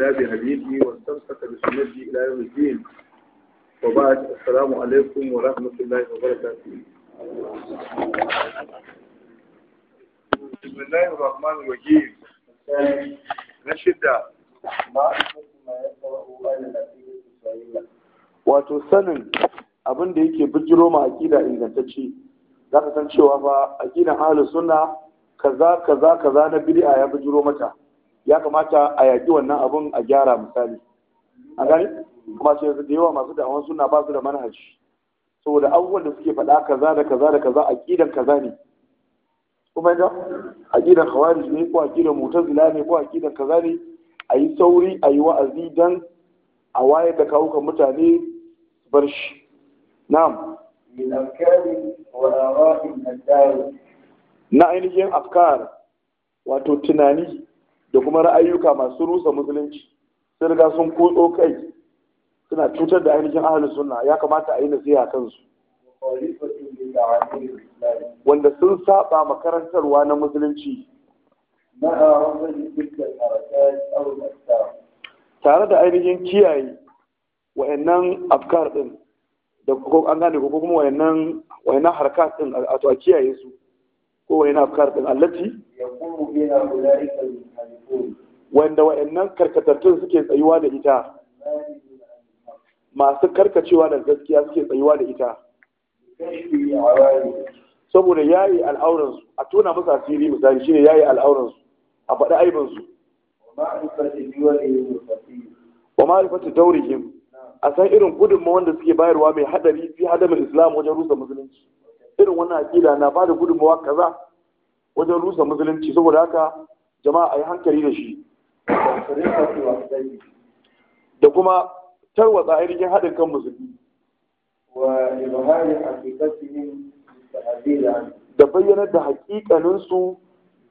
اهتدى بهديه واستمسك بسنتي الى يوم الدين وبعد السلام عليكم ورحمه الله وبركاته بسم الله الرحمن الرحيم نشد wato sanin abin da yake bijiro ma aƙida ingantacce za ka san cewa ba aƙidan ahlus sunna kaza kaza kaza na bid'a ya bijiro mata ya kamata a yaƙi wannan abun a gyara misali a gani kuma sai da yawa masu da'awan suna ba su da manhaji saboda abubuwan da suke faɗa kaza da kaza da kaza a ƙidan kaza ne kuma da ƙidan khawarij ne ko a motar mu'tazila ne ko aqidan kaza ne a yi sauri a yi wa'azi dan a wayar da kawukan mutane bar shi na'am na ainihin afkar wato tunani da kuma ra'ayyuka masu rusa musulunci sun riga sun kutso kai suna cutar da ainihin ahal sunna ya kamata a yi nasiha kansu wanda sun saba makarantarwa na musulunci tare da ainihin kiyaye wa'annan afkar din da an gane ko kuma wa'annan wa'annan harkat din a kiyaye su ko wa'annan afkar din allati yaqumu biha ulaika wanda wa'annan karkatattun suke tsayuwa da ita masu karkacewa da gaskiya suke tsayuwa da ita saboda yayi al'auransu a tona masa asiri misali shine yayi al'auransu a faɗi aibinsu wa ma'rifatu daurihim a san irin gudunmawa wanda suke bayarwa mai hadari fi hadamin islam wajen rusa musulunci irin wannan aqida na bada gudunmawa kaza wajen rusa musulunci saboda haka jama'a a yi hankali da shi da kuma tarwatsa ainihin haɗin kan musulmi da bayyanar da haƙiƙaninsu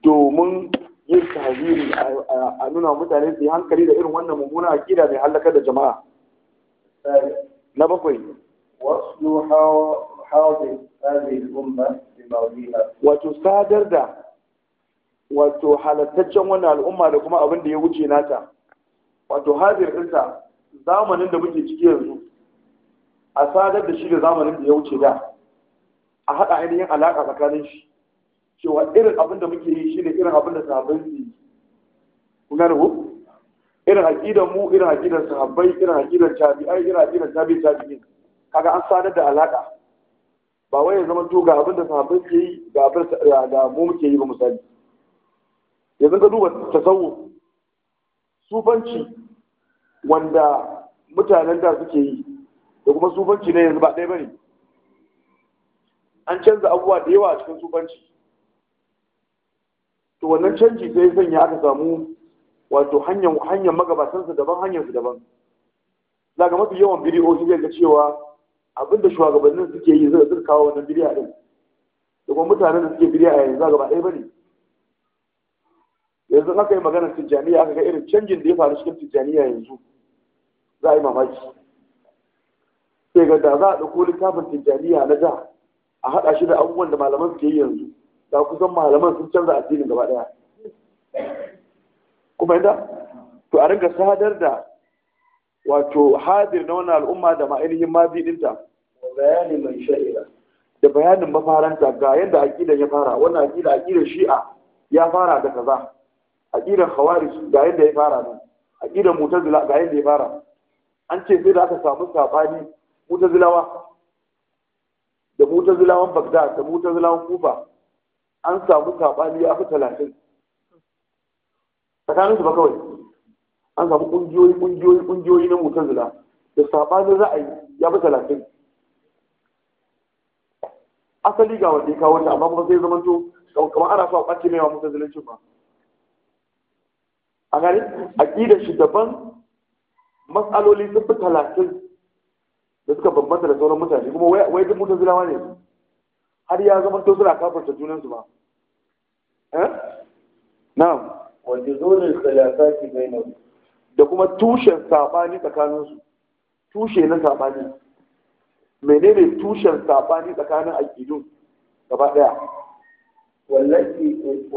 domin yin tahiri a nuna mutane su yi hankali da irin wannan mummuna akida mai hallakar da jama'a na bakwai wasu hawa wato sadar da wato halattaccen wannan al'umma da kuma abin da ya wuce nata wato hadir ɗinta zamanin da muke ciki yanzu a sadar da shi da zamanin da ya wuce da a haɗa ainihin alaƙa tsakanin shi cewa irin abin da muke yi shi ne irin abin da sahabbai su yi kuna da irin haƙidan mu irin haƙidan sahabbai irin aƙidar jami'ai, irin aƙidar jami'ai, tabi'in kaga an sadar da alaƙa ba wai ya zama to ga abin da sahabbai ke yi ga abin da mu muke yi ba misali yanzu ka duba tasawu sufanci wanda mutanen da suke yi da kuma sufanci ne yanzu ba ɗaya bane an canza abubuwa da yawa a cikin sufanci to wannan canji sai ya sanya aka samu wato hanyar hanyar magabatansa daban hanyar su daban Za ga mafi yawan bidiyoyi zai ga cewa abinda shugabannin suke yi zai kawo wannan bidiyo din da kuma mutanen da suke bidiyo a yanzu gaba ɗaya bane yanzu haka yi maganar tijjaniya aka ga irin canjin da ya faru cikin tijjaniya yanzu za a yi mamaki sai ga da za a ɗauko littafin tijjaniya na da a haɗa shi da abubuwan da malaman suke yi yanzu da kusan malaman sun canza addinin gaba ɗaya kuma yadda to a ringa sadar da wato hadir na wani al'umma da ma'ainihin mabi ɗinta bayanin mai sha'ira da bayanin mafaranta ga yadda aƙidan ya fara wannan aƙida aƙidan shi'a ya fara da kaza aqidar khawarij ga yadda ya fara nan aqidar mu'tazila ga yadda ya fara an ce sai da aka samu sabani mu'tazilawa da mu'tazilawan bagda da mu'tazilawan Kufa an samu sabani ya fi talatin tsakanin su ba kawai an samu kungiyoyi kungiyoyi kungiyoyi na mu'tazila da sabanin ra'ayi ya fi talatin asali ga wanda ya kawo ta amma kuma sai zamanto kamar ana so a ɓace mai wa mu'tazilancin ba a gani aƙidar shi daban matsaloli sun fi talatin da suka bambanta da sauran mutane kuma wai duk mutum zilawa ne har ya zama to suna kafarta junansu ba na. wanda zonin khilafati bainahu da kuma tushen sabani tsakaninsu tushe na sabani menene tushen sabani tsakanin aƙidun gaba ɗaya wallahi